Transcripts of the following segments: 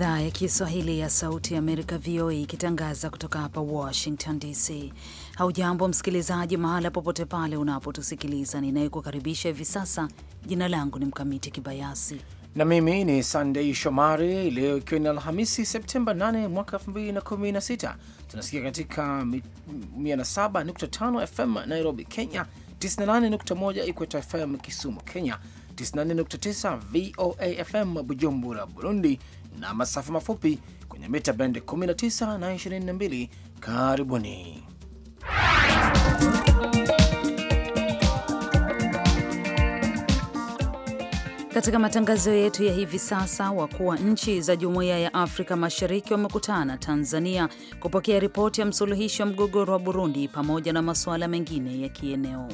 idhaa ya Kiswahili ya Sauti ya Amerika, VOA, ikitangaza kutoka hapa Washington DC. Haujambo msikilizaji, mahala popote pale unapotusikiliza. Ninayekukaribisha hivi sasa, jina langu ni Mkamiti Kibayasi na mimi ni Sandei Shomari. Leo ikiwa ni Alhamisi, Septemba 8 mwaka 2016, tunasikia katika 107.5 FM Nairobi, Kenya, 98.1 Ikweta FM Kisumu, Kenya, 94.9 VOA FM Bujumbura, Burundi na masafa mafupi kwenye mita band 19 na 22. Karibuni. Katika matangazo yetu ya hivi sasa, wakuu wa nchi za Jumuiya ya Afrika Mashariki wamekutana Tanzania kupokea ripoti ya msuluhishi wa mgogoro wa Burundi pamoja na masuala mengine ya kieneo.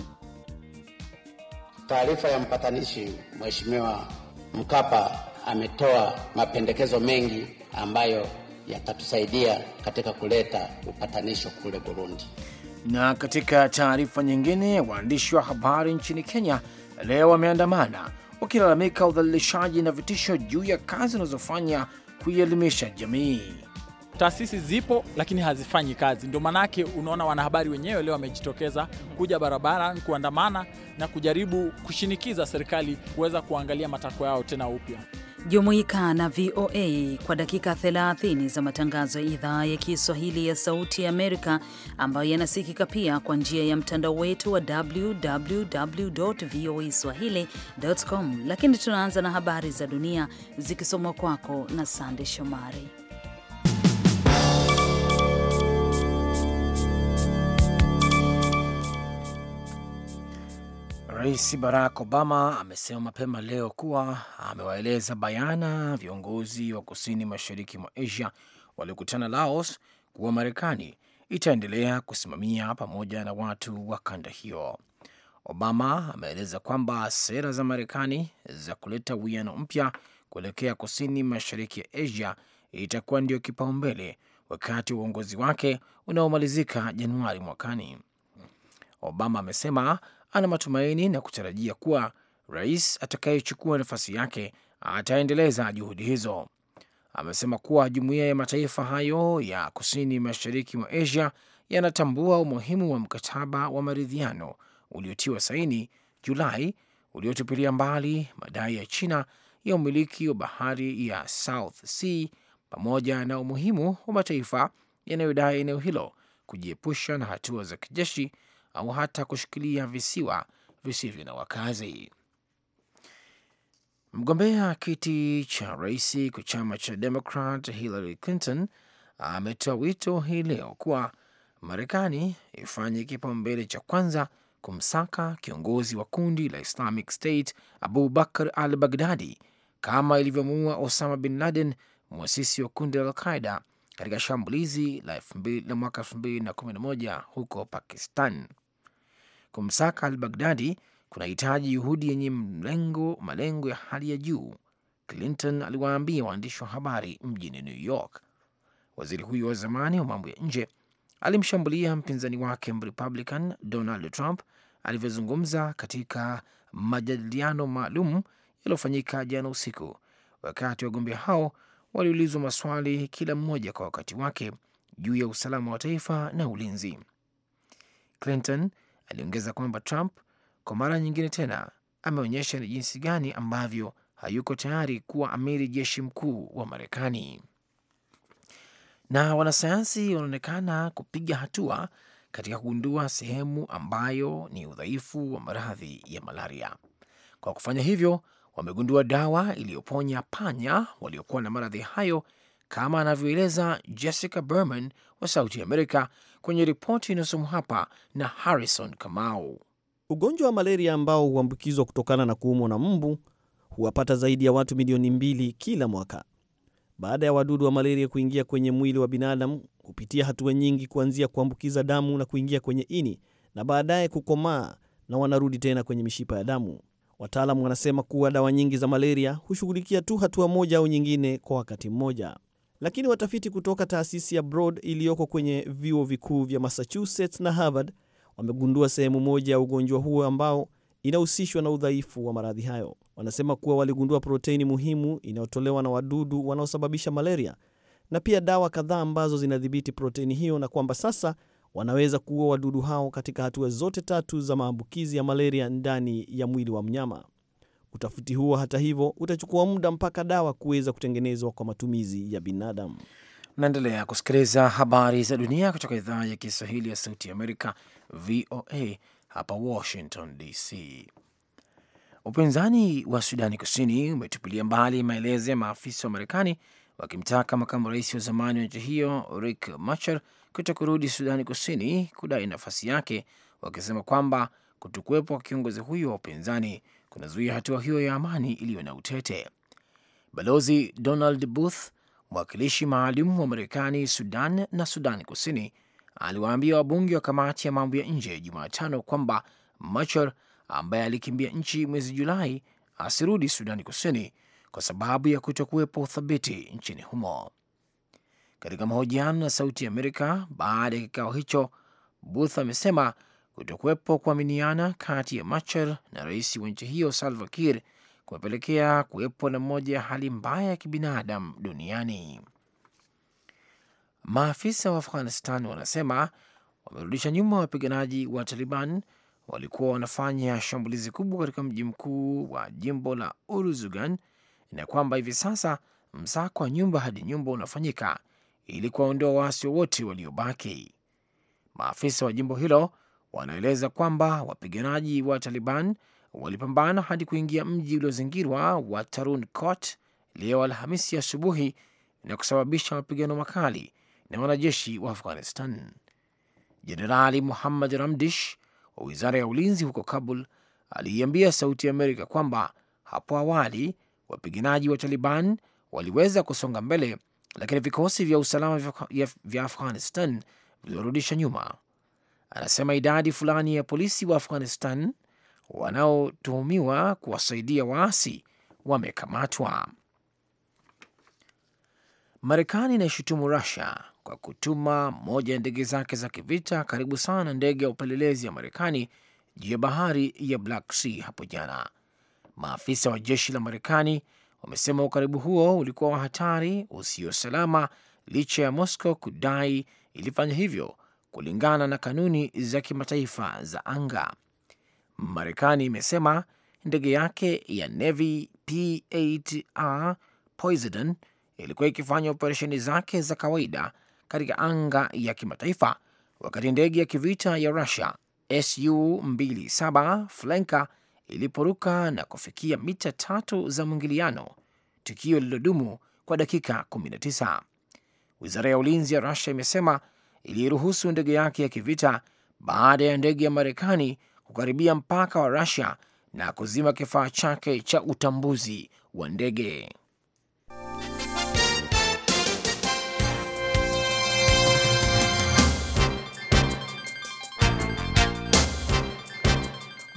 Taarifa ya mpatanishi Mheshimiwa Mkapa ametoa mapendekezo mengi ambayo yatatusaidia katika kuleta upatanisho kule Burundi. Na katika taarifa nyingine, waandishi wa habari nchini Kenya leo wameandamana wakilalamika udhalilishaji na vitisho juu ya kazi wanazofanya kuielimisha jamii. Taasisi zipo lakini hazifanyi kazi, ndio maanake unaona wanahabari wenyewe leo wamejitokeza kuja barabara kuandamana na kujaribu kushinikiza serikali kuweza kuangalia matakwa yao tena upya. Jumuika na VOA kwa dakika 30 za matangazo ya idhaa ya Kiswahili ya Sauti ya Amerika ambayo yanasikika pia kwa njia ya mtandao wetu wa www voa swahili.com. Lakini tunaanza na habari za dunia zikisomwa kwako na Sande Shomari. Rais Barack Obama amesema mapema leo kuwa amewaeleza bayana viongozi wa kusini mashariki mwa Asia waliokutana Laos kuwa Marekani itaendelea kusimamia pamoja na watu wa kanda hiyo. Obama ameeleza kwamba sera za Marekani za kuleta uwiano mpya kuelekea kusini mashariki ya Asia itakuwa ndio kipaumbele wakati wa uongozi wake unaomalizika Januari mwakani. Obama amesema ana matumaini na kutarajia kuwa rais atakayechukua nafasi yake ataendeleza juhudi hizo. Amesema kuwa jumuiya ya mataifa hayo ya kusini mashariki mwa Asia yanatambua umuhimu wa mkataba wa maridhiano uliotiwa saini Julai uliotupilia mbali madai ya China ya umiliki wa bahari ya South Sea pamoja na umuhimu wa mataifa yanayodai eneo hilo kujiepusha na hatua za kijeshi au hata kushikilia visiwa visivyo na wakazi. Mgombea kiti cha rais kwa chama cha Demokrat Hillary Clinton ametoa wito hii leo kuwa Marekani ifanye kipaumbele cha kwanza kumsaka kiongozi wa kundi la Islamic State Abu al Baghdadi kama ilivyomuua Osama bin Laden, mwasisi wa kundi la Alqaida katika shambulizi la mwaka 2011 huko Pakistan. Kumsaka al Baghdadi kunahitaji juhudi yenye mlengo, malengo ya hali ya juu, Clinton aliwaambia waandishi wa habari mjini New York. Waziri huyo wa zamani wa mambo ya nje alimshambulia mpinzani wake Mrepublican Donald Trump alivyozungumza katika majadiliano maalum yaliyofanyika jana usiku, wakati wagombea hao waliulizwa maswali kila mmoja kwa wakati wake juu ya usalama wa taifa na ulinzi. Clinton Aliongeza kwamba Trump kwa mara nyingine tena ameonyesha ni jinsi gani ambavyo hayuko tayari kuwa amiri jeshi mkuu wa Marekani. Na wanasayansi wanaonekana kupiga hatua katika kugundua sehemu ambayo ni udhaifu wa maradhi ya malaria. Kwa kufanya hivyo, wamegundua dawa iliyoponya panya waliokuwa na maradhi hayo, kama anavyoeleza Jessica Berman wa Sauti Amerika kwenye ripoti inayosomwa hapa na Harrison Kamau. Ugonjwa wa malaria ambao huambukizwa kutokana na kuumwa na mbu huwapata zaidi ya watu milioni mbili kila mwaka. Baada ya wadudu wa malaria kuingia kwenye mwili wa binadamu, hupitia hatua nyingi, kuanzia kuambukiza damu na kuingia kwenye ini na baadaye kukomaa na wanarudi tena kwenye mishipa ya damu. Wataalamu wanasema kuwa dawa nyingi za malaria hushughulikia tu hatua moja au nyingine kwa wakati mmoja. Lakini watafiti kutoka taasisi ya Broad iliyoko kwenye vyuo vikuu vya Massachusetts na Harvard wamegundua sehemu moja ya ugonjwa huo ambao inahusishwa na udhaifu wa maradhi hayo. Wanasema kuwa waligundua proteini muhimu inayotolewa na wadudu wanaosababisha malaria na pia dawa kadhaa ambazo zinadhibiti proteini hiyo, na kwamba sasa wanaweza kuua wadudu hao katika hatua zote tatu za maambukizi ya malaria ndani ya mwili wa mnyama. Utafiti huo hata hivyo utachukua muda mpaka dawa kuweza kutengenezwa kwa matumizi ya binadamu. Naendelea kusikiliza habari za dunia kutoka idhaa ya Kiswahili ya Sauti ya Amerika, VOA hapa Washington DC. Upinzani wa Sudani Kusini umetupilia mbali maelezo ya maafisa wa Marekani wakimtaka makamu rais wa zamani wa nchi hiyo rik Machar kuto kurudi Sudani Kusini kudai nafasi yake, wakisema kwamba kutokuwepo kwa kiongozi huyo wa upinzani kunazuia hatua hiyo ya amani iliyo na utete. Balozi Donald Booth, mwakilishi maalum wa Marekani Sudan na Sudan Kusini, aliwaambia wabunge wa kamati ya mambo ya nje Jumatano kwamba Machar ambaye alikimbia nchi mwezi Julai asirudi Sudani Kusini kwa sababu ya kutokuwepo uthabiti nchini humo. Katika mahojiano na Sauti ya Amerika baada ya kikao hicho, Booth amesema Kutokuwepo kuaminiana kati ya Machar na rais wa nchi hiyo Salva Kiir kumepelekea kuwepo na mmoja ya hali mbaya ya kibinadamu duniani. Maafisa wa Afghanistan wanasema wamerudisha nyuma wapiganaji wa Taliban walikuwa wanafanya shambulizi kubwa katika mji mkuu wa jimbo la Uruzugan na kwamba hivi sasa msako wa nyumba hadi nyumba unafanyika ili kuwaondoa waasi wowote waliobaki. Maafisa wa jimbo hilo wanaeleza kwamba wapiganaji wa Taliban walipambana hadi kuingia mji uliozingirwa wa Tarun Kot leo Alhamisi asubuhi na kusababisha mapigano makali na wanajeshi wa Afghanistan. Jenerali Muhammad Ramdish wa wizara ya ulinzi huko Kabul aliiambia Sauti ya Amerika kwamba hapo awali wapiganaji wa Taliban waliweza kusonga mbele, lakini vikosi vya usalama vya Afghanistan viliorudisha nyuma anasema idadi fulani ya polisi wa Afghanistan wanaotuhumiwa kuwasaidia waasi wamekamatwa. Marekani inashutumu Rusia kwa kutuma moja ya ndege zake za kivita karibu sana na ndege ya upelelezi ya Marekani juu ya bahari ya Black Sea hapo jana. Maafisa wa jeshi la Marekani wamesema ukaribu huo ulikuwa wa hatari usio salama, licha ya Moscow kudai ilifanya hivyo kulingana na kanuni za kimataifa za anga. Marekani imesema ndege yake ya Navy P8R Poseidon ilikuwa ikifanya operesheni zake za kawaida katika anga ya kimataifa wakati ndege ya kivita ya Russia Su-27 Flanker iliporuka na kufikia mita tatu za mwingiliano, tukio lililodumu kwa dakika 19. Wizara ya ulinzi ya Russia imesema iliruhusu ndege yake ya kivita baada ya ndege ya Marekani kukaribia mpaka wa Rusia na kuzima kifaa chake cha utambuzi wa ndege.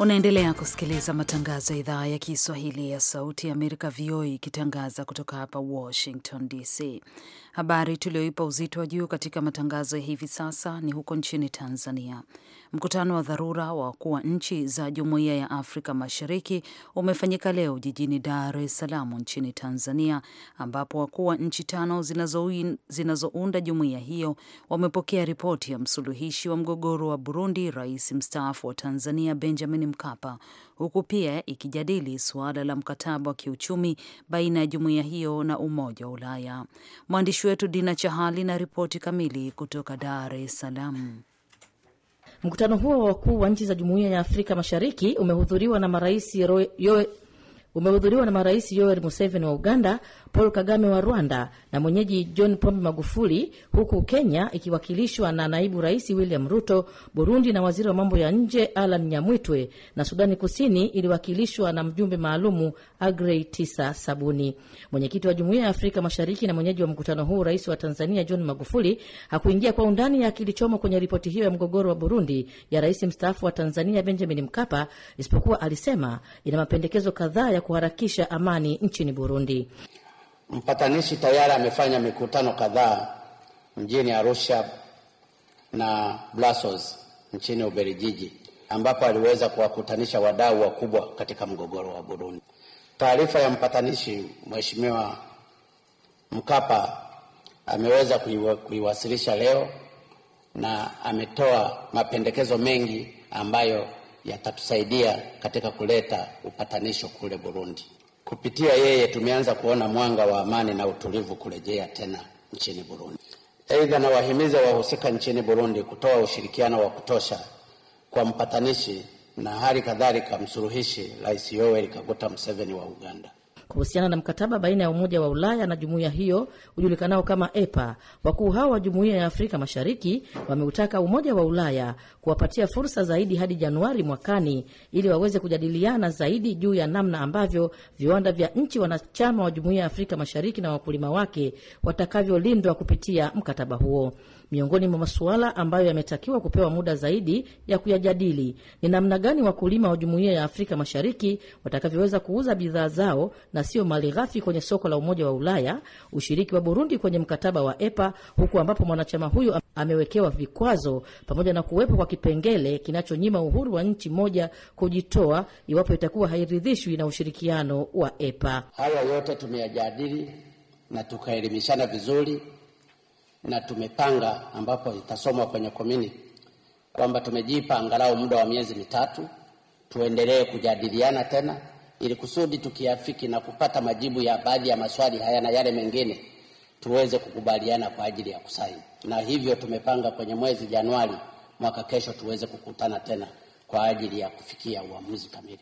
Unaendelea kusikiliza matangazo ya idhaa ya Kiswahili ya Sauti ya Amerika, VOA, ikitangaza kutoka hapa Washington DC. Habari tulioipa uzito wa juu katika matangazo ya hivi sasa ni huko nchini Tanzania. Mkutano wa dharura wa wakuu wa nchi za Jumuiya ya Afrika Mashariki umefanyika leo jijini Dar es Salaam nchini Tanzania, ambapo wakuu wa nchi tano zinazounda zinazo jumuiya hiyo wamepokea ripoti ya msuluhishi wa mgogoro wa Burundi, rais mstaafu wa Tanzania Benjamin Mkapa, huku pia ikijadili suala la mkataba wa kiuchumi baina ya jumuiya hiyo na Umoja wa Ulaya. Mwandishi wetu Dina Chahali na ripoti kamili kutoka Dar es Salaam. Mkutano huo wa wakuu wa nchi za Jumuiya ya Afrika Mashariki umehudhuriwa na marais umehudhuriwa na marais Yoweri Museveni wa Uganda, Paul Kagame wa Rwanda na mwenyeji John Pombe Magufuli, huku Kenya ikiwakilishwa na naibu rais William Ruto, Burundi na waziri wa mambo ya nje Alan Nyamwitwe, na Sudani Kusini iliwakilishwa na mjumbe maalumu Agrey Tisa Sabuni. Mwenyekiti wa Jumuiya ya Afrika Mashariki na mwenyeji wa mkutano huu, rais wa Tanzania John Magufuli, hakuingia kwa undani ya kilichomo kwenye ripoti hiyo ya mgogoro wa Burundi ya rais mstaafu wa Tanzania Benjamin Mkapa, isipokuwa alisema ina mapendekezo kadhaa ya kuharakisha amani nchini Burundi. Mpatanishi tayari amefanya mikutano kadhaa mjini Arusha na Brussels nchini Ubelgiji, ambapo aliweza kuwakutanisha wadau wakubwa katika mgogoro wa Burundi. Taarifa ya mpatanishi Mheshimiwa Mkapa ameweza kuiwasilisha leo na ametoa mapendekezo mengi ambayo yatatusaidia katika kuleta upatanisho kule Burundi. Kupitia yeye tumeanza kuona mwanga wa amani na utulivu kurejea tena nchini Burundi. Aidha, na wahimiza wahusika nchini Burundi kutoa ushirikiano wa kutosha kwa mpatanishi na hali kadhalika msuluhishi Rais Yoweri Kaguta Museveni wa Uganda kuhusiana na mkataba baina ya Umoja wa Ulaya na jumuiya hiyo ujulikanao kama EPA. Wakuu hao wa Jumuiya ya Afrika Mashariki wameutaka Umoja wa Ulaya kuwapatia fursa zaidi hadi Januari mwakani ili waweze kujadiliana zaidi juu ya namna ambavyo viwanda vya nchi wanachama wa Jumuiya ya Afrika Mashariki na wakulima wake watakavyolindwa kupitia mkataba huo. Miongoni mwa masuala ambayo yametakiwa kupewa muda zaidi ya kuyajadili ni namna gani wakulima wa Jumuiya ya Afrika Mashariki watakavyoweza kuuza bidhaa zao na sio mali ghafi kwenye soko la Umoja wa Ulaya, ushiriki wa Burundi kwenye mkataba wa EPA, huku ambapo mwanachama huyo amewekewa vikwazo, pamoja na kuwepo kwa kipengele kinachonyima uhuru wa nchi moja kujitoa iwapo itakuwa hairidhishwi na ushirikiano wa EPA. Haya yote tumeyajadili na tukaelimishana vizuri na tumepanga ambapo itasomwa kwenye komini kwamba tumejipa angalau muda wa miezi mitatu tuendelee kujadiliana tena ili kusudi tukiafiki na kupata majibu ya baadhi ya maswali haya na yale mengine tuweze kukubaliana kwa ajili ya kusaini, na hivyo tumepanga kwenye mwezi Januari mwaka kesho tuweze kukutana tena kwa ajili ya kufikia uamuzi kamili.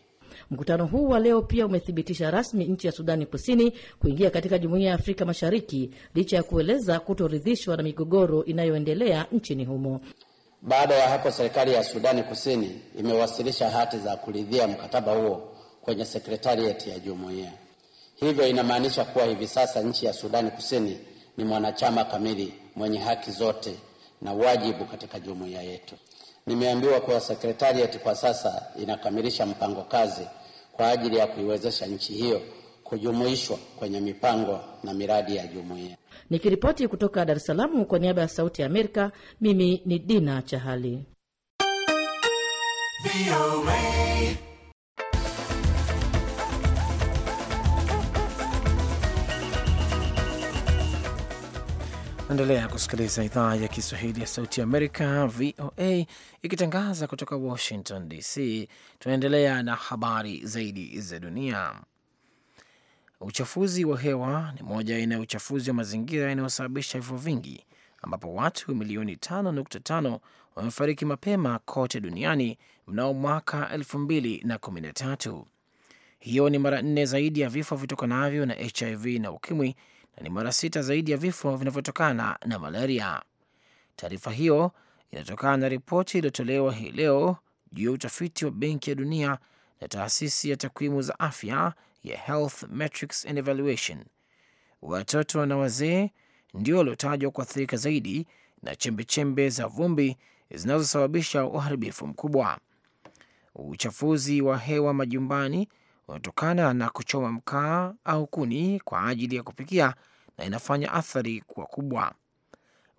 Mkutano huu wa leo pia umethibitisha rasmi nchi ya Sudani Kusini kuingia katika Jumuiya ya Afrika Mashariki licha ya kueleza kutoridhishwa na migogoro inayoendelea nchini humo. Baada ya hapo, serikali ya Sudani Kusini imewasilisha hati za kuridhia mkataba huo kwenye sekretarieti ya jumuiya. Hivyo inamaanisha kuwa hivi sasa nchi ya Sudani Kusini ni mwanachama kamili mwenye haki zote na wajibu katika jumuiya yetu. Nimeambiwa kuwa sekretariat kwa sasa inakamilisha mpango kazi kwa ajili ya kuiwezesha nchi hiyo kujumuishwa kwenye mipango na miradi ya jumuiya. Nikiripoti kutoka Dar es salamu kwa niaba ya Sauti ya Amerika, mimi ni Dina Chahali. Naendelea kusikiliza idhaa ya Kiswahili ya Sauti Amerika, VOA, ikitangaza kutoka Washington DC. Tunaendelea na habari zaidi za dunia. Uchafuzi wa hewa ni moja aina ya uchafuzi wa mazingira inayosababisha vifo vingi, ambapo watu milioni 5.5 wamefariki mapema kote duniani mnao mwaka 2013. Hiyo ni mara nne zaidi ya vifo vitokanavyo na HIV na ukimwi na ni mara sita zaidi ya vifo vinavyotokana na malaria. Taarifa hiyo inatokana na ripoti iliyotolewa hii leo juu ya utafiti wa Benki ya Dunia na taasisi ya takwimu za afya ya Health Metrics and Evaluation. Watoto na wazee ndio waliotajwa kuathirika zaidi na chembechembe -chembe za vumbi zinazosababisha uharibifu mkubwa. Uchafuzi wa hewa majumbani unatokana na kuchoma mkaa au kuni kwa ajili ya kupikia na inafanya athari kuwa kubwa.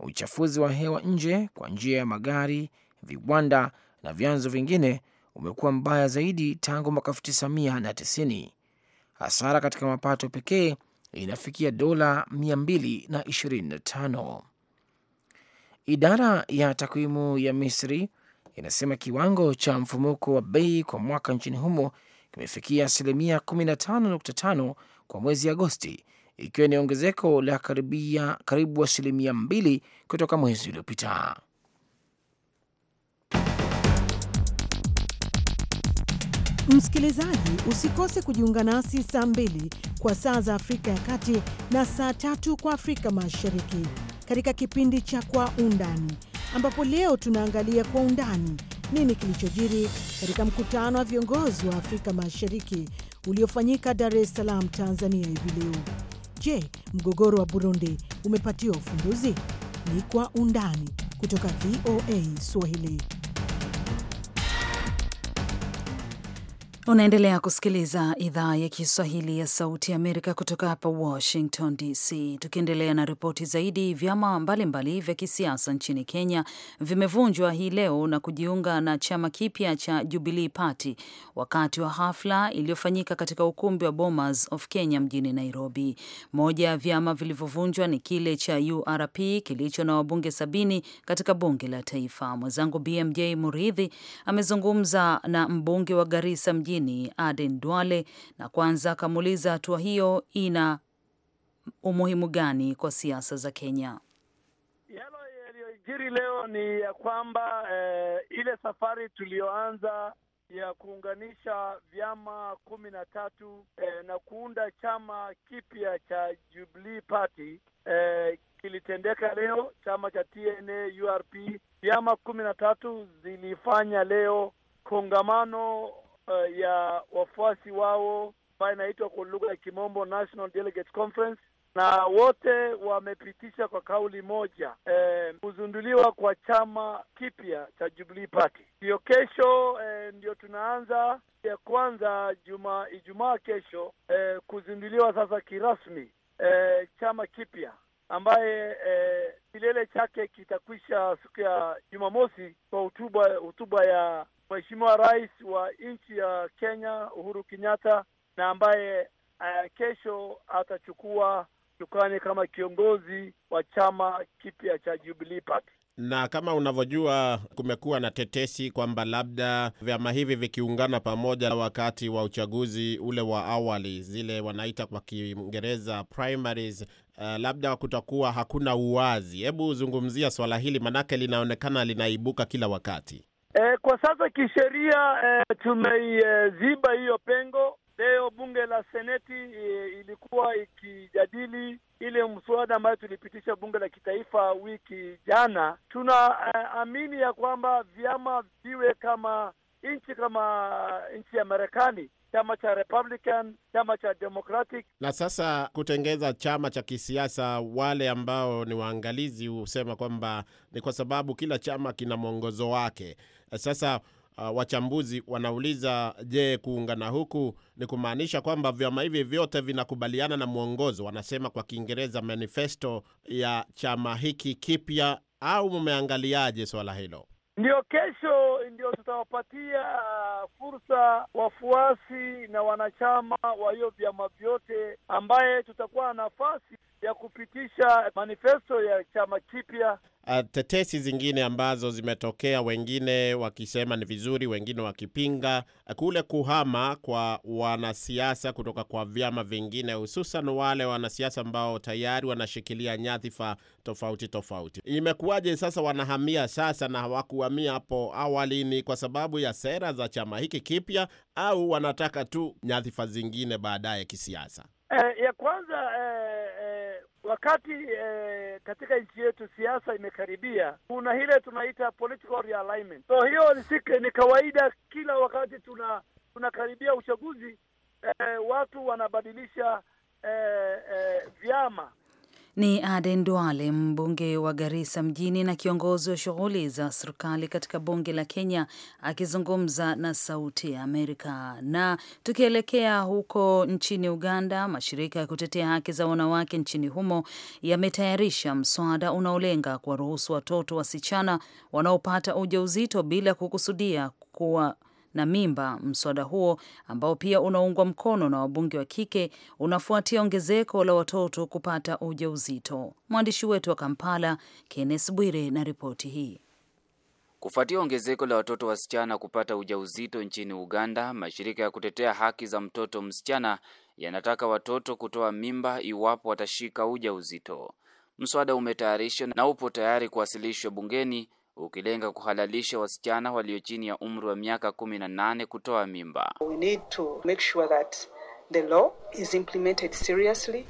Uchafuzi wa hewa nje kwa njia ya magari, viwanda na vyanzo vingine umekuwa mbaya zaidi tangu mwaka 1990. Hasara katika mapato pekee inafikia dola 225. Idara ya takwimu ya Misri inasema kiwango cha mfumuko wa bei kwa mwaka nchini humo kimefikia asilimia 15.5 kwa mwezi Agosti, ikiwa ni ongezeko la karibia karibu asilimia mbili kutoka mwezi uliopita. Msikilizaji, usikose kujiunga nasi saa mbili kwa saa za Afrika ya Kati na saa tatu kwa Afrika Mashariki katika kipindi cha Kwa Undani, ambapo leo tunaangalia kwa undani nini kilichojiri katika mkutano wa viongozi wa Afrika Mashariki uliofanyika Dar es Salaam, Tanzania hivi leo. Je, mgogoro wa Burundi umepatiwa ufumbuzi? Ni kwa undani kutoka VOA Swahili. Unaendelea kusikiliza idhaa ya Kiswahili ya Sauti ya Amerika kutoka hapa Washington DC. Tukiendelea na ripoti zaidi, vyama mbalimbali vya kisiasa nchini Kenya vimevunjwa hii leo na kujiunga na chama kipya cha Jubilee Party wakati wa hafla iliyofanyika katika ukumbi wa Bomas of Kenya mjini Nairobi. Moja ya vyama vilivyovunjwa ni kile cha URP kilicho na wabunge sabini katika bunge la taifa. Mwenzangu BMJ Muridhi amezungumza na mbunge wa Garissa mjini Kusini Aden Duale, na kwanza akamuuliza hatua hiyo ina umuhimu gani kwa siasa za Kenya? Yalo yaliyojiri leo ni ya kwamba eh, ile safari tuliyoanza ya kuunganisha vyama kumi na tatu eh, na kuunda chama kipya cha Jubilee Party eh, kilitendeka leo. Chama cha TNA URP, vyama kumi na tatu zilifanya leo kongamano uh, ya wafuasi wao ambayo inaitwa kwa lugha ya Kimombo National Delegate Conference, na wote wamepitisha kwa kauli moja eh, kuzunduliwa kwa chama kipya cha Jubilee Party. Ndiyo kesho eh, ndio tunaanza ya kwanza juma Ijumaa kesho eh, kuzinduliwa sasa kirasmi eh, chama kipya ambaye eh, kilele chake kitakwisha siku ya Jumamosi kwa hutuba ya Mheshimiwa Rais wa nchi ya Kenya Uhuru Kenyatta, na ambaye uh, kesho atachukua chukani kama kiongozi wa chama kipya cha Jubilee Party na kama unavyojua kumekuwa na tetesi kwamba labda vyama hivi vikiungana pamoja wakati wa uchaguzi ule wa awali, zile wanaita kwa Kiingereza primaries, uh, labda kutakuwa hakuna uwazi. Hebu zungumzia swala hili, manake linaonekana linaibuka kila wakati. E, kwa sasa kisheria e, tumeiziba e, hiyo pengo. Leo bunge la seneti e, ilikuwa ikijadili ile mswada ambayo tulipitisha bunge la kitaifa wiki jana. Tunaamini e, amini ya kwamba vyama viwe kama nchi kama nchi ya Marekani, chama cha Republican, chama cha Democratic. Na sasa kutengeza chama cha kisiasa, wale ambao ni waangalizi husema kwamba ni kwa sababu kila chama kina mwongozo wake. Sasa uh, wachambuzi wanauliza, je, kuungana huku ni kumaanisha kwamba vyama hivi vyote vinakubaliana na mwongozo, wanasema kwa Kiingereza manifesto ya chama hiki kipya, au mmeangaliaje swala hilo? Ndio, kesho ndio tutawapatia ah, fursa wafuasi na wanachama wa hiyo vyama vyote, ambaye tutakuwa na nafasi ya kupitisha manifesto ya chama kipya. Ah, Tetesi zingine ambazo zimetokea, wengine wakisema ni vizuri, wengine wakipinga kule kuhama kwa wanasiasa kutoka kwa vyama vingine, hususan wale wanasiasa ambao tayari wanashikilia nyadhifa tofauti tofauti. Imekuwaje sasa wanahamia sasa na hawakuhamia hapo awali? Ni kwa sababu ya sera za chama hiki kipya, au wanataka tu nyadhifa zingine baadaye kisiasa? Eh, ya kwanza eh wakati eh, katika nchi yetu siasa imekaribia, kuna hile tunaita political realignment. So hiyo nisike, ni kawaida kila wakati tuna tunakaribia uchaguzi eh, watu wanabadilisha eh, eh, vyama ni Aden Duale, mbunge wa Garissa mjini na kiongozi wa shughuli za serikali katika bunge la Kenya, akizungumza na Sauti ya Amerika. Na tukielekea huko nchini Uganda, mashirika ya kutetea haki za wanawake nchini humo yametayarisha mswada unaolenga kuwaruhusu watoto wasichana wanaopata ujauzito bila kukusudia kuwa na mimba. Mswada huo ambao pia unaungwa mkono na wabunge wa kike unafuatia ongezeko la watoto kupata ujauzito. Mwandishi wetu wa Kampala, kennes Bwire, na ripoti hii. Kufuatia ongezeko la watoto wasichana kupata ujauzito nchini Uganda, mashirika ya kutetea haki za mtoto msichana yanataka watoto kutoa mimba iwapo watashika ujauzito. Mswada umetayarishwa na upo tayari kuwasilishwa bungeni ukilenga kuhalalisha wasichana walio chini ya umri wa miaka kumi na nane kutoa mimba. We need to make sure that the law is implemented seriously.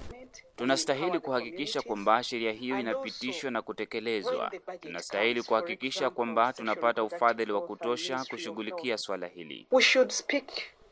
Tunastahili kuhakikisha kwamba sheria hiyo inapitishwa na kutekelezwa. Tunastahili kuhakikisha kwamba tunapata ufadhili wa kutosha kushughulikia swala hili.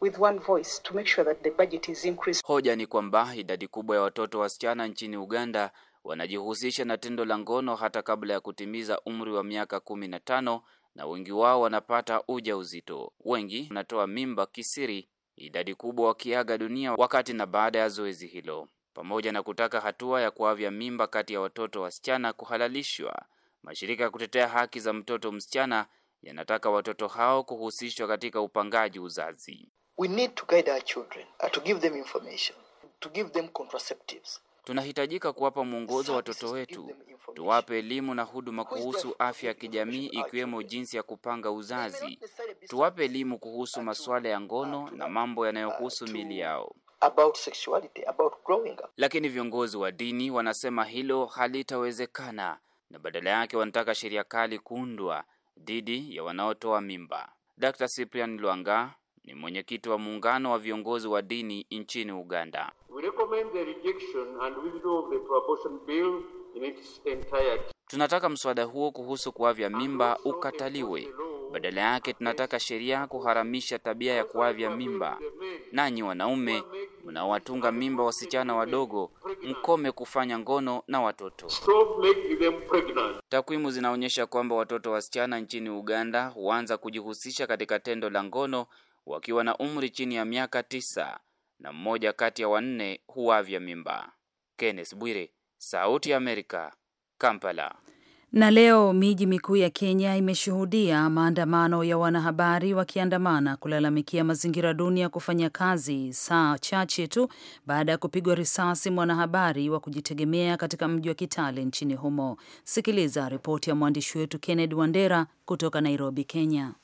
With one voice to make sure that the budget is increased. Hoja ni kwamba idadi kubwa ya watoto wasichana nchini Uganda wanajihusisha na tendo la ngono hata kabla ya kutimiza umri wa miaka kumi na tano na wengi wao wanapata uja uzito Wengi wanatoa mimba kisiri, idadi kubwa wakiaga dunia wakati na baada ya zoezi hilo. Pamoja na kutaka hatua ya kuavya mimba kati ya watoto wasichana kuhalalishwa, mashirika ya kutetea haki za mtoto msichana yanataka watoto hao kuhusishwa katika upangaji uzazi. We need to guide our children, uh, to give them information, to give them contraceptives. Tunahitajika kuwapa mwongozo watoto wetu, tuwape elimu na huduma kuhusu afya ya kijamii, ikiwemo jinsi ya kupanga uzazi. Tuwape elimu kuhusu masuala ya uh, ngono na mambo yanayohusu uh, mili yao. About sexuality, about growing up. Lakini viongozi wa dini wanasema hilo halitawezekana na badala yake wanataka sheria kali kuundwa dhidi ya wanaotoa mimba. Dr. Cyprian Lwanga ni mwenyekiti wa muungano wa viongozi wa dini nchini Uganda. Tunataka mswada huo kuhusu kuavya mimba ukataliwe. Badala yake tunataka sheria kuharamisha tabia ya kuavya mimba. Nanyi wanaume mnaowatunga mimba wasichana wadogo, mkome kufanya ngono na watoto. Takwimu zinaonyesha kwamba watoto wasichana nchini Uganda huanza kujihusisha katika tendo la ngono wakiwa na umri chini ya miaka tisa na mmoja kati ya wanne huavya mimba. Kenneth Bwire, Sauti ya Amerika, Kampala. Na leo miji mikuu ya Kenya imeshuhudia maandamano ya wanahabari wakiandamana kulalamikia mazingira duni ya kufanya kazi, saa chache tu baada ya kupigwa risasi mwanahabari wa kujitegemea katika mji wa Kitale nchini humo. Sikiliza ripoti ya mwandishi wetu Kennedy Wandera kutoka Nairobi, Kenya.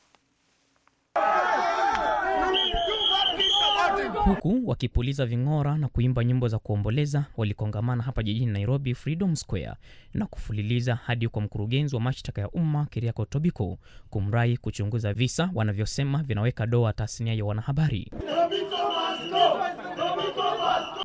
huku wakipuliza ving'ora na kuimba nyimbo za kuomboleza, walikongamana hapa jijini Nairobi, Freedom Square, na kufuliliza hadi kwa mkurugenzi wa mashtaka ya umma Keriako Tobiko kumrai kuchunguza visa wanavyosema vinaweka doa tasnia ya wanahabari.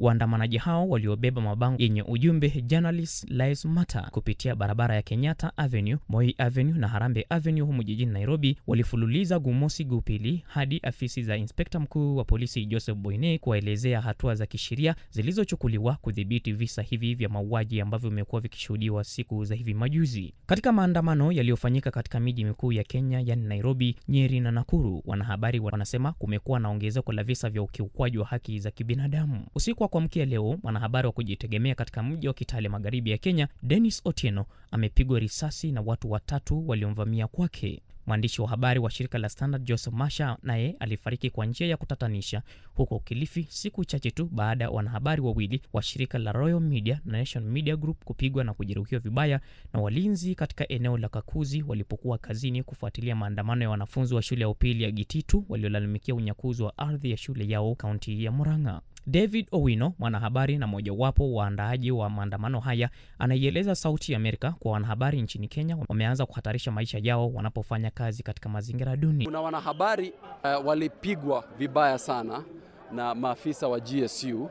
Waandamanaji hao waliobeba mabango yenye ujumbe Journalist Lives Matter kupitia barabara ya Kenyatta Avenue, Moi Avenue na Harambe Avenue humu jijini Nairobi walifululiza Gumosi gupili hadi afisi za Inspekta Mkuu wa Polisi Joseph Boine kuwaelezea hatua za kisheria zilizochukuliwa kudhibiti visa hivi vya mauaji ambavyo vimekuwa vikishuhudiwa siku za hivi majuzi. Katika maandamano yaliyofanyika katika miji mikuu ya Kenya yani Nairobi, Nyeri na Nakuru, wanahabari wanasema kumekuwa na ongezeko la visa vya ukiukwaji wa haki za kibinadamu. Usiku kwa mkia leo, mwanahabari wa kujitegemea katika mji wa Kitale magharibi ya Kenya, Dennis Otieno amepigwa risasi na watu watatu waliomvamia kwake. Mwandishi wa habari wa shirika la Standard Joseph Masha naye alifariki kwa njia ya kutatanisha huko Kilifi siku chache tu baada ya wanahabari wawili wa shirika la Royal Media na Nation Media Group kupigwa na kujeruhiwa vibaya na walinzi katika eneo la Kakuzi walipokuwa kazini kufuatilia maandamano ya wanafunzi wa shule ya upili ya Gititu waliolalamikia unyakuzi wa ardhi ya shule yao kaunti ya Murang'a. David Owino, mwanahabari na mojawapo waandaaji wa maandamano haya, anaieleza Sauti ya Amerika kwa wanahabari nchini Kenya wameanza kuhatarisha maisha yao wanapofanya kazi katika mazingira duni. Kuna wanahabari uh, walipigwa vibaya sana na maafisa wa GSU.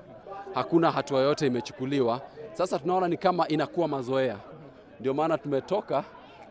Hakuna hatua yoyote imechukuliwa. Sasa tunaona ni kama inakuwa mazoea, ndio maana tumetoka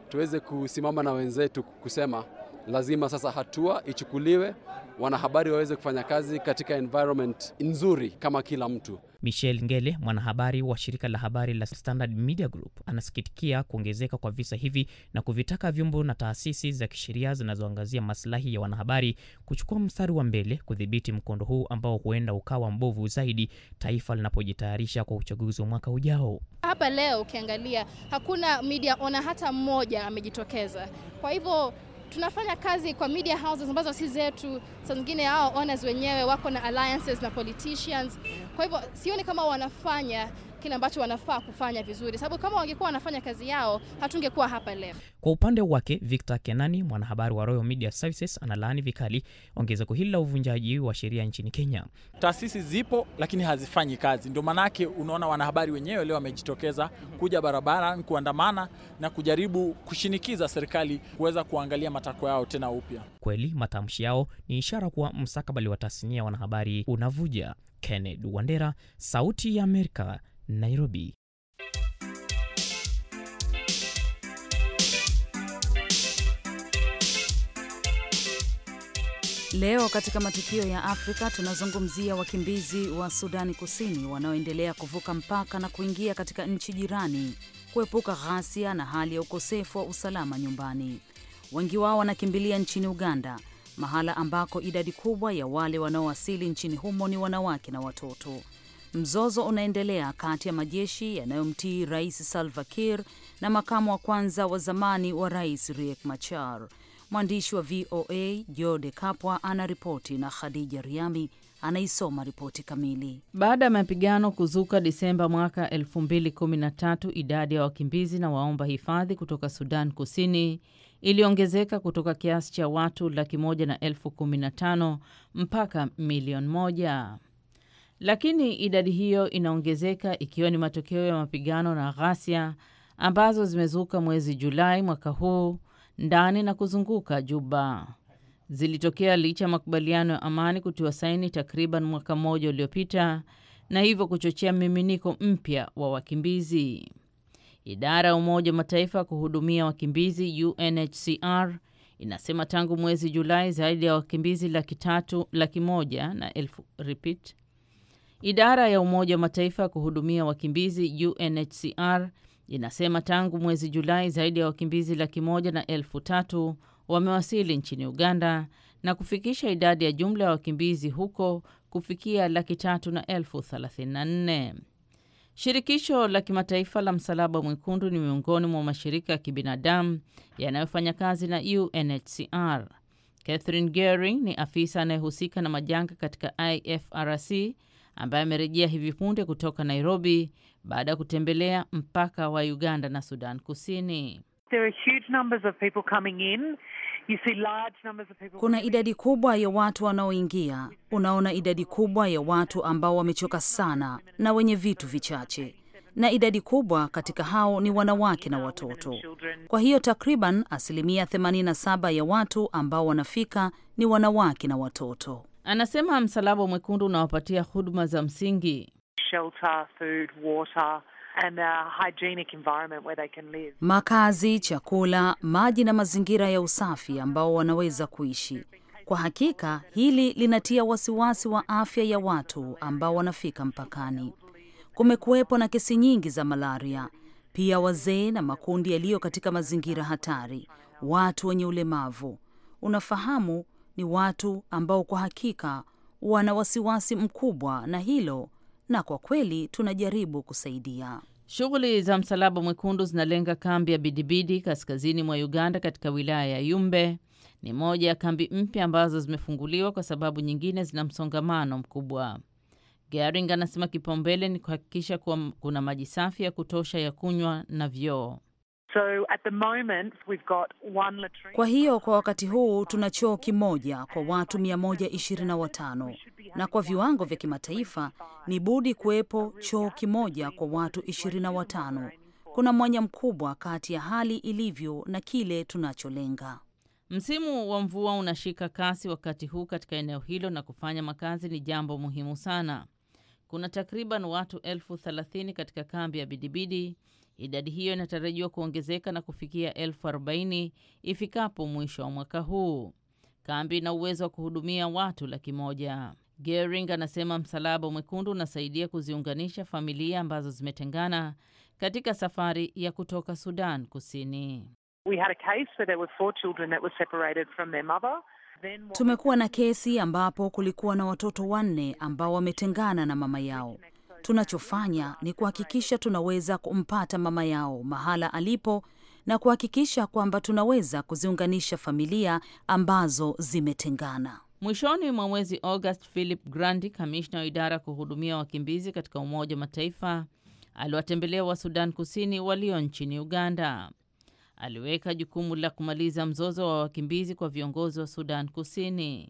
tuweze kusimama na wenzetu kusema lazima sasa hatua ichukuliwe, wanahabari waweze kufanya kazi katika environment nzuri kama kila mtu. Michel Ngele, mwanahabari wa shirika la habari la Standard Media Group, anasikitikia kuongezeka kwa visa hivi na kuvitaka vyombo na taasisi za kisheria zinazoangazia masilahi ya wanahabari kuchukua mstari wa mbele kudhibiti mkondo huu ambao huenda ukawa mbovu zaidi taifa linapojitayarisha kwa uchaguzi wa mwaka ujao. Hapa leo ukiangalia, hakuna media ona hata mmoja amejitokeza, kwa hivyo tunafanya kazi kwa media houses ambazo si zetu. Saa zingine hao owners wenyewe wako na alliances na politicians, kwa hivyo sioni kama wanafanya kile ambacho wanafaa kufanya vizuri, sababu kama wangekuwa wanafanya kazi yao hatungekuwa hapa leo. Kwa upande wake, Victor Kenani, mwanahabari wa Royal Media Services, analaani vikali ongezeko hili la uvunjaji wa sheria nchini Kenya. Taasisi zipo lakini hazifanyi kazi, ndio maanake unaona wanahabari wenyewe leo wamejitokeza kuja barabara kuandamana na kujaribu kushinikiza serikali kuweza kuangalia matakwa yao tena upya. Kweli matamshi yao ni ishara kuwa mstakabali wa tasnia ya wanahabari unavuja. Kennedy Wandera, Sauti ya Amerika, Nairobi. Leo katika matukio ya Afrika tunazungumzia wakimbizi wa Sudani Kusini wanaoendelea kuvuka mpaka na kuingia katika nchi jirani kuepuka ghasia na hali ya ukosefu wa usalama nyumbani. Wengi wao wanakimbilia nchini Uganda, mahala ambako idadi kubwa ya wale wanaowasili nchini humo ni wanawake na watoto. Mzozo unaendelea kati ya majeshi yanayomtii Rais Salva Kiir na makamu wa kwanza wa zamani wa rais Riek Machar. Mwandishi wa VOA Jode Kapwa anaripoti na Khadija Riami anaisoma ripoti kamili. Baada ya mapigano kuzuka Disemba mwaka 2013, idadi ya wakimbizi na waomba hifadhi kutoka Sudan Kusini iliongezeka kutoka kiasi cha watu laki moja na elfu kumi na tano mpaka milioni moja lakini idadi hiyo inaongezeka ikiwa ni matokeo ya mapigano na ghasia ambazo zimezuka mwezi Julai mwaka huu ndani na kuzunguka Juba. Zilitokea licha ya makubaliano ya amani kutiwa saini takriban mwaka mmoja uliopita na hivyo kuchochea mmiminiko mpya wa wakimbizi. Idara ya Umoja wa Mataifa kuhudumia wakimbizi UNHCR inasema tangu mwezi Julai zaidi ya wakimbizi laki tatu laki moja na elfu repeat Idara ya Umoja wa Mataifa ya kuhudumia wakimbizi UNHCR inasema tangu mwezi Julai zaidi ya wakimbizi laki moja na elfu tatu wamewasili nchini Uganda na kufikisha idadi ya jumla ya wakimbizi huko kufikia laki tatu na elfu thelathini na nne. Shirikisho la kimataifa la Msalaba Mwekundu ni miongoni mwa mashirika ya kibinadamu yanayofanya kazi na UNHCR. Catherine Gering ni afisa anayehusika na majanga katika IFRC ambaye amerejea hivi punde kutoka Nairobi baada ya kutembelea mpaka wa Uganda na Sudan Kusini. There are huge numbers of people coming in. You see large numbers of people... kuna idadi kubwa ya watu wanaoingia. Unaona idadi kubwa ya watu ambao wamechoka sana na wenye vitu vichache na idadi kubwa katika hao ni wanawake na watoto. Kwa hiyo takriban asilimia 87 ya watu ambao wanafika ni wanawake na watoto. Anasema Msalaba Mwekundu unawapatia huduma za msingi shelter, food, water. And a hygienic environment where they can live. Makazi, chakula, maji na mazingira ya usafi ambao wanaweza kuishi. Kwa hakika hili linatia wasiwasi wa afya ya watu ambao wanafika mpakani. Kumekuwepo na kesi nyingi za malaria, pia wazee na makundi yaliyo katika mazingira hatari, watu wenye ulemavu. Unafahamu ni watu ambao kwa hakika wana wasiwasi mkubwa na hilo, na kwa kweli tunajaribu kusaidia. Shughuli za Msalaba Mwekundu zinalenga kambi ya Bidibidi kaskazini mwa Uganda, katika wilaya ya Yumbe. Ni moja ya kambi mpya ambazo zimefunguliwa kwa sababu nyingine zina msongamano mkubwa. Garing anasema kipaumbele ni kuhakikisha kuwa kuna maji safi ya kutosha ya kunywa na vyoo. So at the moment we've got one latrine. Kwa hiyo kwa wakati huu tuna choo kimoja kwa watu 125 na kwa viwango vya kimataifa ni budi kuwepo choo kimoja kwa watu 25. Kuna mwanya mkubwa kati ya hali ilivyo na kile tunacholenga. Msimu wa mvua unashika kasi wakati huu katika eneo hilo na kufanya makazi ni jambo muhimu sana. Kuna takriban watu elfu thelathini katika kambi ya Bidibidi. Idadi hiyo inatarajiwa kuongezeka na kufikia elfu arobaini ifikapo mwisho wa mwaka huu. Kambi ina uwezo wa kuhudumia watu laki moja. Gering anasema Msalaba Mwekundu unasaidia kuziunganisha familia ambazo zimetengana katika safari ya kutoka Sudan Kusini. We had a case where there were four children that were separated from their mother. Tumekuwa na kesi ambapo kulikuwa na watoto wanne ambao wametengana na mama yao. Tunachofanya ni kuhakikisha tunaweza kumpata mama yao mahala alipo na kuhakikisha kwamba tunaweza kuziunganisha familia ambazo zimetengana. Mwishoni mwa mwezi August, Philip Grandi, kamishna wa idara ya kuhudumia wakimbizi katika Umoja wa Mataifa, aliwatembelea wa Sudan Kusini walio nchini Uganda aliweka jukumu la kumaliza mzozo wa wakimbizi kwa viongozi wa Sudan Kusini.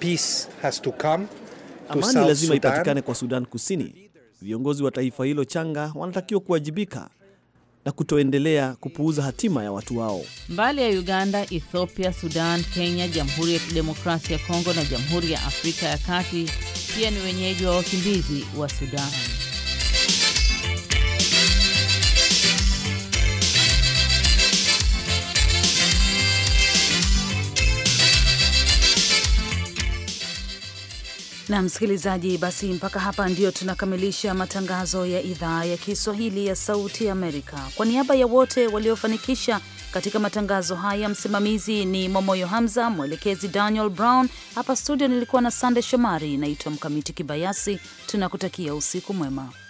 Peace has to come to amani South lazima Sudan ipatikane kwa Sudan Kusini. Viongozi wa taifa hilo changa wanatakiwa kuwajibika na kutoendelea kupuuza hatima ya watu wao. Mbali ya Uganda, Ethiopia, Sudan, Kenya, Jamhuri ya Kidemokrasia ya Kongo na Jamhuri ya Afrika ya Kati pia ni wenyeji wa wakimbizi wa Sudan. na msikilizaji, basi mpaka hapa ndio tunakamilisha matangazo ya idhaa ya Kiswahili ya Sauti Amerika. Kwa niaba ya wote waliofanikisha katika matangazo haya, msimamizi ni Momoyo Hamza, mwelekezi Daniel Brown. Hapa studio nilikuwa na Sande Shomari, naitwa Mkamiti Kibayasi. Tunakutakia usiku mwema.